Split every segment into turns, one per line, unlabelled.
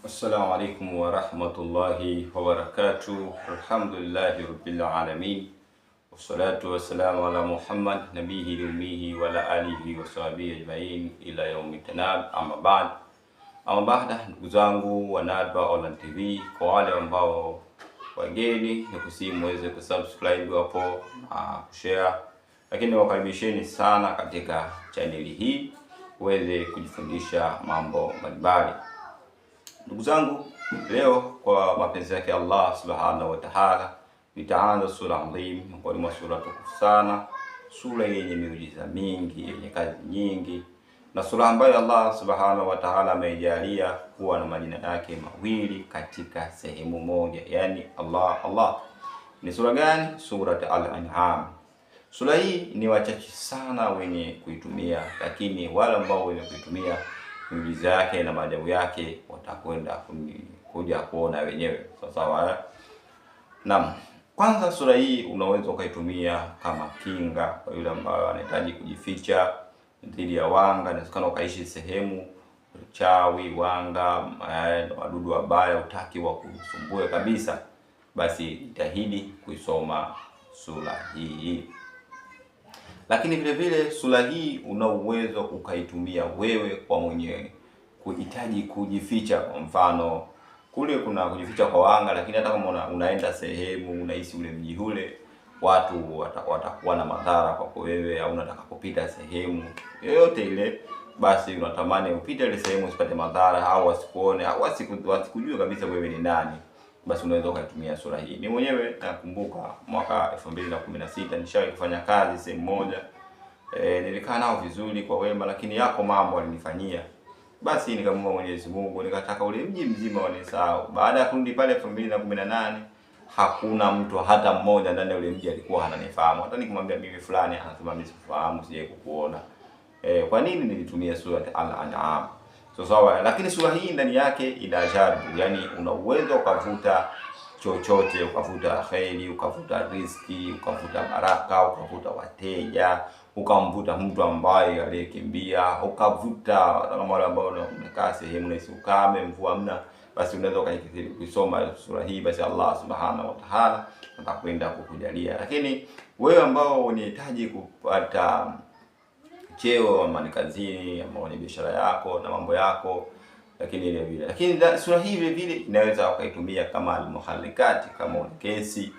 Assalamu alaikum warahmatullahi barakatuh. Alhamdulillahi rabbil alamin wassalatu wassalamu ala Muhammad nabihi ummihi wa ala alihi wa sahbihi ajmain ila yaumi tanab. Ama ba'd, ama baada, ndugu zangu wa Nadwa Online TV, kwa wale ambao wageni ni kusihi muweze kusubscribe hapo na ah, kushare, lakini wakaribisheni sana katika chaneli hii uweze kujifundisha mambo mbalimbali. Ndugu zangu, leo kwa mapenzi yake Allah subhanahu wa ta'ala, nitaanza sura adhim, miongoni mwa sura tukufu sana, sura yenye miujiza mingi, yenye kazi nyingi, na sura ambayo Allah subhanahu wa ta'ala ameijalia kuwa na majina yake mawili katika sehemu moja, yani Allah Allah. Ni sura gani? Surat Al-An'am. Sura hii ni wachache sana wenye kuitumia, lakini wale ambao wenye kuitumia miujiza yake na maajabu yake watakwenda kuja kuona wenyewe sawasawa. Eh? Naam, kwanza sura hii unaweza ukaitumia kama kinga kwa yule ambayo anahitaji kujificha dhidi ya wanga. Inawezekana ukaishi sehemu chawi, wanga, eh, wadudu wabaya, utaki wa kusumbue kabisa, basi jitahidi kuisoma sura hii. Lakini vile vile sura hii una uwezo ukaitumia wewe kwa mwenyewe, kuhitaji kujificha. Kwa mfano kule kuna kujificha kwa wanga, lakini hata kama una, unaenda sehemu unahisi ule mji ule watu watakuwa na madhara kwako wewe, au unataka kupita sehemu yoyote ile, basi unatamani upite ile sehemu usipate madhara, au wasikuone au wasikujue kabisa wewe ni nani basi unaweza ukaitumia sura hii. Mimi mwenyewe nakumbuka mwaka 2016 nishawahi kufanya kazi sehemu moja e, nilikaa nao vizuri kwa wema, lakini yako mambo alinifanyia. basi nikamwomba Mwenyezi Mungu, nikataka ule mji mzima wanisahau. Baada ya kurudi pale 2018 hakuna mtu hata mmoja ndani ya ule mji alikuwa ananifahamu. Hata nikimwambia mimi fulani, anasema mimi sifahamu, sijawahi kukuona. E, kwa nini nilitumia sura Al-An'am? so sawa. Eh, lakini sura hii ndani yake ina jarbu, yani una uwezo ukavuta chochote, ukavuta kheri, ukavuta riski, ukavuta baraka, ukavuta wateja, ukamvuta mtu ambaye aliyekimbia, ukavuta kama wale ambao wamekaa sehemu na ukame, mvua mna basi unaweza kusoma sura hii, basi Allah subhanahu wa ta'ala atakwenda kukujalia. Lakini wewe ambao unahitaji kupata cheo ama ni kazini ama ni biashara yako na mambo yako, lakini ile vile lakini sura hii vile vile inaweza ukaitumia kama almuhalikati, kama una kesi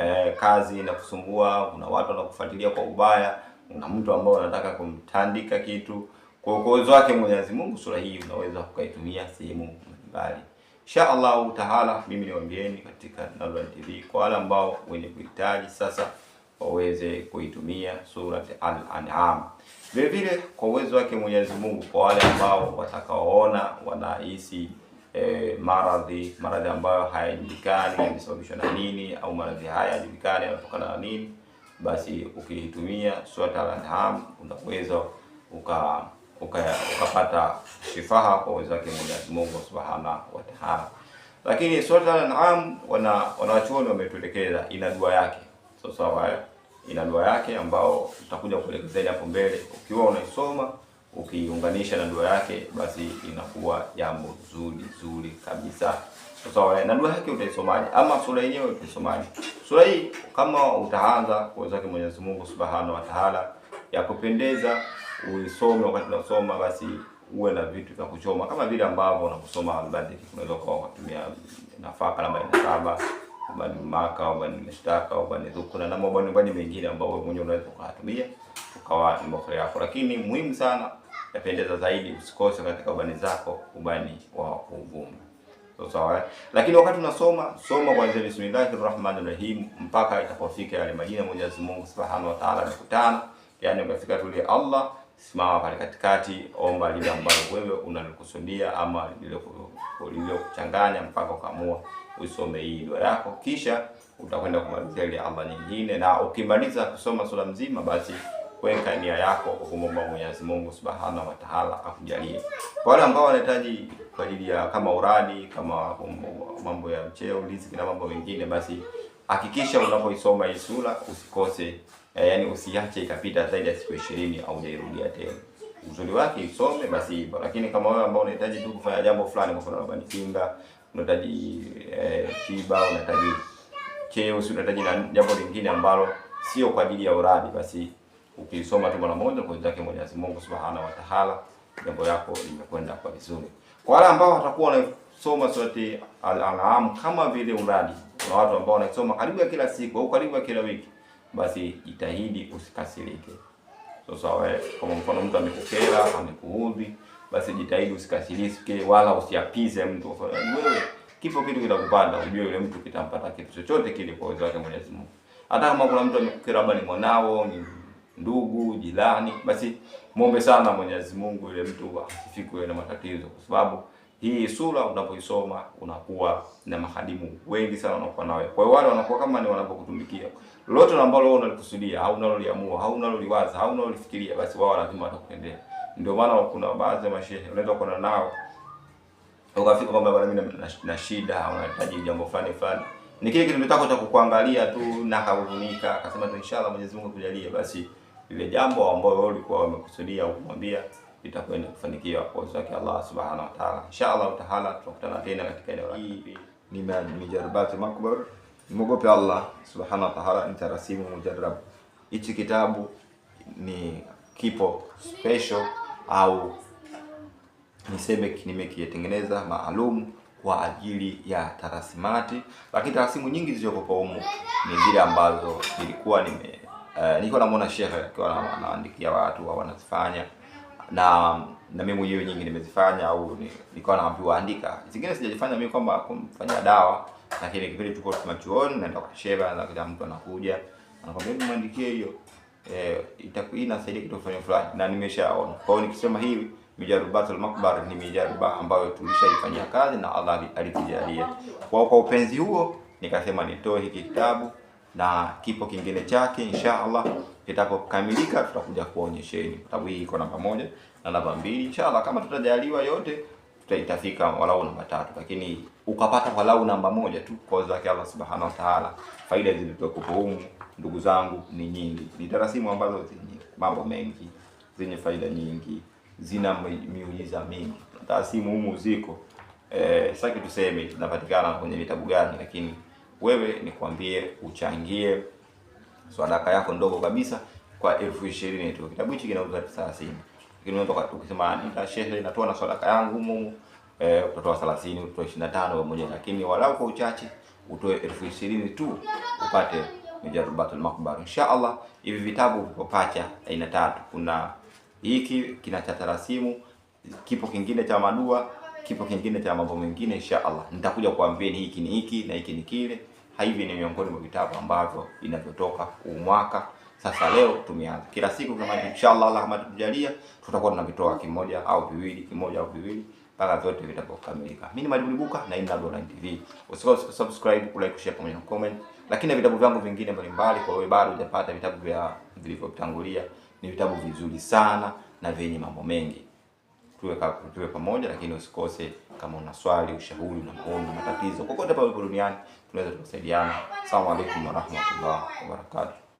eh, kazi na kusumbua, kuna watu wanakufuatilia kwa ubaya, kuna mtu ambao unataka kumtandika kitu. Kwa uwezo wake Mwenyezi Mungu, sura hii unaweza ukaitumia sehemu mbalimbali. Insha Allahu taala, mimi niwaambieni katika Nurlan TV kwa wale ambao wenye kuhitaji sasa waweze kuitumia surat Al-An'am. Vile vile kwa uwezo wake Mwenyezi Mungu, kwa wale ambao watakaoona wanahisi e, maradhi maradhi ambayo hayajulikani yamesababishwa na nini, au maradhi haya hayajulikani yanatokana na nini, basi ukiitumia surati Al-An'am unaweza uka ukapata shifaha kwa uwezo wake Mwenyezi Mungu Subhanahu wa Ta'ala. Lakini surati Al-An'am, wanawachuoni wametuelekeza ina dua yake, so so, ina dua yake ambao tutakuja kuelekezeni hapo mbele. Ukiwa unaisoma ukiunganisha na dua yake, basi inakuwa jambo zuri zuri kabisa. Sasa na dua yake utaisomaje? Ama sura yenyewe utaisomaje? Sura hii kama utaanza kwa Mwenyezi Mungu Subhanahu wa Ta'ala ya kupendeza uisome, wakati unasoma basi uwe na vitu vya kuchoma kama vile ambavyo unakusoma albadi, unaweza kwa kutumia nafaka namba ina saba ubani maka, ubani mistaka, ubani dhukura na bani mengine ambao wewe mwenyewe unaweza kuyatumia ukawa ni mafuta yako, lakini muhimu sana napendeza zaidi usikose katika ubani zako ubani wa uvumba. So, sawa. Eh. Lakini wakati unasoma soma kuanzia bismillahir rahmanir rahim mpaka itapofika yale majina Mwenyezi Mungu Subhanahu wa Ta'ala nakutana, yani ukafika tuli Allah simama pale katikati, omba lile ambalo wewe unalikusudia ama lile kuchanganya mpaka ukaamua uisome hii dua yako, kisha utakwenda kumalizia ile amba nyingine, na ukimaliza kusoma sura mzima, basi weka nia yako kumwomba Mwenyezi Mungu Subhanahu wa Ta'ala akujalie. Kwa wale ambao wanahitaji kwa ajili ya kama uradi kama mambo ya mcheo riziki na mambo mengine, basi hakikisha unapoisoma hii sura usikose, eh, yani usiache ikapita zaidi ya siku 20 au jairudia tena uzuri wake isome basi hivyo. Lakini kama wewe ambao unahitaji tu kufanya jambo fulani, kwa mfano labda ni kinga unahitaji eh, tiba, unahitaji cheo, unahitaji na jambo lingine ambalo sio kwa ajili ya uradi, basi ukisoma tu mara moja kwa yake Mwenyezi Mungu Subhanahu wa Ta'ala, jambo lako limekwenda kwa vizuri. Kwa wale ambao watakuwa wanasoma surati Al-An'am kama vile uradi, kuna watu ambao wanasoma karibu ya kila siku au karibu ya kila wiki, basi jitahidi usikasirike. Sasa wewe kama mfano mtu amekukera, amekuudhi basi jitahidi usikasirike wala usiapize mtu. Wewe kipo kitu kitakupata, ujue yule mtu kitampata kitu chochote kile kwa uwezo wake Mwenyezi Mungu. Hata kama kuna mtu amekukia labda ni mwanao, ni ndugu, jirani, basi muombe sana Mwenyezi Mungu yule mtu asifikwe na matatizo, kwa sababu hii sura unapoisoma unakuwa na mahadimu wengi sana wanakuwa nawe. Kwa hiyo wale wanakuwa kama ni wanapokutumikia. Lolote ambalo wewe unalikusudia au unaloliamua au unaloliwaza au unalolifikiria, basi wao lazima watakutendea. Ndio maana kuna baadhi ya mashehe unaweza kuona nao ukafika kwamba bwana, mimi na shida, unahitaji jambo fulani fulani, ni kile kitendo chako cha kukuangalia tu na kuhuzunika, akasema tu inshallah Mwenyezi Mungu kujalie, basi ile jambo ambalo wewe ulikuwa umekusudia kumwambia itakwenda kufanikiwa kwa uwezo wake Allah subhanahu wa ta'ala. Inshallah taala tutakutana tena katika eneo hili. Ni mijaribati makbar, mogope Allah subhanahu wa ta'ala, ni tarasimu mujarrab. Hichi kitabu ni kipo special au niseme nimekitengeneza maalum kwa ajili ya tarasimati, lakini tarasimu nyingi zilizokopa humu ni zile ambazo nilikuwa nime uh, eh, niko namwona shehe akiwa anaandikia watu wa wanazifanya na na mimi mwenyewe nyingi nimezifanya au nilikuwa naambiwa andika. Zingine sijazifanya mimi kwamba kumfanyia dawa, lakini kipindi tuko tunachuoni naenda kwa shehe na kila mtu anakuja anakwambia mwandikie hiyo eh, itakuwa inasaidia kitu fulani fulani, na nimeshaona. Kwa hiyo nikisema hivi mijarubatul makbar ni mijaruba ambayo tulishaifanyia kazi na Allah alitujalia. Kwa kwa upenzi huo nikasema nitoe hiki kitabu na kipo kingine chake inshallah kitakapokamilika tutakuja kuonyesheni. Kitabu hii iko namba moja na namba mbili. Inshallah kama tutajaliwa yote tutaitafika walau namba tatu, lakini ukapata walau namba moja tu kwa zake Allah subhanahu wa ta'ala, faida zilizokuwa humu ndugu zangu, ni nyingi. Ni tarasimu ambazo zenye mambo mengi, zenye faida nyingi, zina miujiza mingi. Tarasimu humu ziko eh, saki tuseme zinapatikana kwenye vitabu gani, lakini wewe nikwambie, uchangie swadaka yako ndogo kabisa kwa elfu ishirini tu. Kitabu hichi kinauza elfu thelathini lakini unaweza ukisema ah, nita shehe inatoa na swadaka yangu humu eh, utatoa 30 utatoa 25 pamoja, lakini walau kwa uchache utoe elfu ishirini tu upate Mijarubatul Makbar. Insha Allah hivi vitabu vipo pacha aina tatu. Kuna hiki kina cha tarasimu, kipo kingine cha madua, kipo kingine cha mambo mengine insha Allah. Nitakuja kuambieni hiki ni hiki na hiki ni kile. Hivi ni miongoni mwa vitabu ambavyo vinavyotoka umwaka. Sasa leo tumeanza. Kila siku kama insha Allah Allah amatujalia, tutakuwa tunavitoa kimoja au viwili, kimoja au viwili mpaka vyote vitapokamilika. Mimi ni Mwalimu Buka na hii ni Online TV. Usikose subscribe, like, share pamoja na comment lakini na vitabu vyangu vingine mbalimbali. Kwa wewe bado hujapata vitabu vya vilivyotangulia, ni vitabu vizuri sana na vyenye mambo mengi. Tuwe, tuwe pamoja, lakini usikose. Kama una swali, ushauri, una maoni, matatizo, kokote pale duniani, tunaweza tukasaidiana. Asalamu alaykum warahmatullahi wabarakatuh.